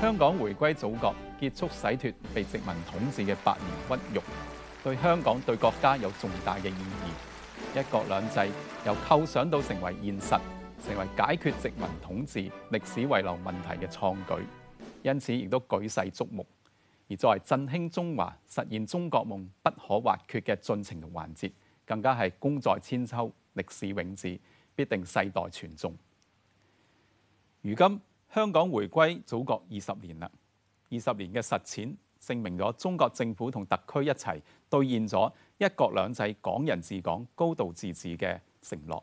香港回歸祖國，結束洗脫被殖民統治嘅百年屈辱，對香港，對國家有重大嘅意義。一國兩制，由構想到成為現實，成為解決殖民統治歷史遺留問題嘅創舉，因此亦都舉世矚目。而作為振興中華、實現中國夢不可或缺嘅進程嘅環節，更加係功在千秋、歷史永誌，必定世代傳頌。如今香港回歸祖國二十年啦，二十年嘅實踐證明咗中國政府同特區一齊兌現咗一國兩制、港人治港、高度自治嘅承諾，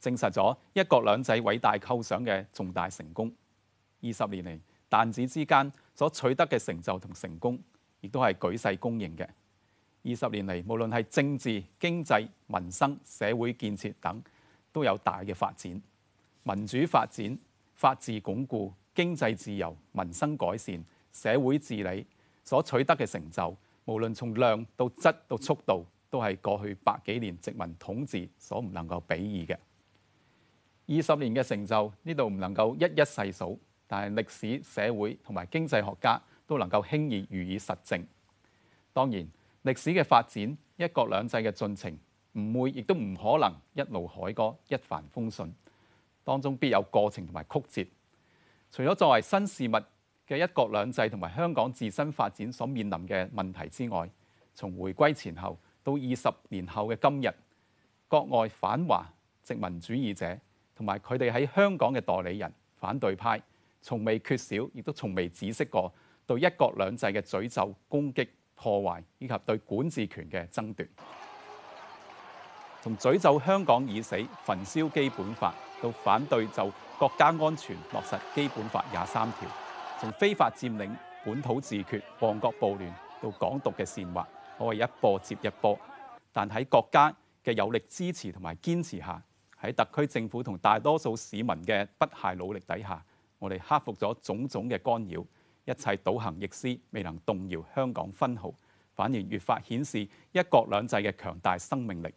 證實咗一國兩制偉大構想嘅重大成功。二十年嚟，彈指之間所取得嘅成就同成功，亦都係舉世公認嘅。二十年嚟，無論係政治、經濟、民生、社會建設等，都有大嘅發展。民主發展、法治鞏固、經濟自由、民生改善、社會治理所取得嘅成就，無論從量到質到速度，都係過去百幾年殖民統治所唔能夠比擬嘅。二十年嘅成就呢度唔能夠一一細數。但係歷史、社會同埋經濟學家都能夠輕易予以實證。當然，歷史嘅發展、一國兩制嘅進程，唔會亦都唔可能一路凱歌、一帆風順，當中必有過程同埋曲折。除咗作為新事物嘅一國兩制同埋香港自身發展所面臨嘅問題之外，從回歸前後到二十年後嘅今日，國外反華殖民主義者同埋佢哋喺香港嘅代理人、反對派，從未缺少，亦都從未止息過對一國兩制嘅詛咒、攻擊、破壞，以及對管治權嘅爭奪。從詛咒香港已死、焚燒基本法，到反對就國家安全落實基本法廿三條；從非法佔領本土自決、旺角暴亂，到港獨嘅煽惑，可謂一波接一波。但喺國家嘅有力支持同埋堅持下，喺特區政府同大多數市民嘅不懈努力底下，我哋克服咗種種嘅干擾，一切倒行逆施未能動搖香港分毫，反而越發顯示一國兩制嘅強大生命力。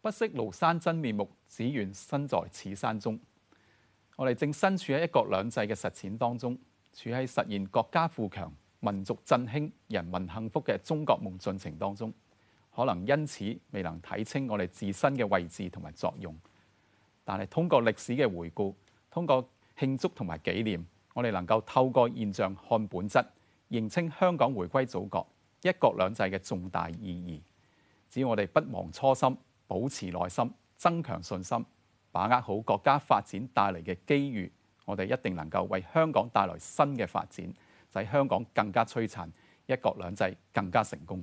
不識廬山真面目，只緣身在此山中。我哋正身處喺一國兩制嘅實踐當中，處喺實現國家富強、民族振興、人民幸福嘅中國夢進程當中，可能因此未能睇清我哋自身嘅位置同埋作用，但係通過歷史嘅回顧。通過慶祝同埋紀念，我哋能夠透過現象看本質，認清香港回歸祖國一國兩制嘅重大意義。只要我哋不忘初心，保持耐心，增強信心，把握好國家發展帶嚟嘅機遇，我哋一定能夠為香港帶來新嘅發展，使香港更加璀璨，一國兩制更加成功。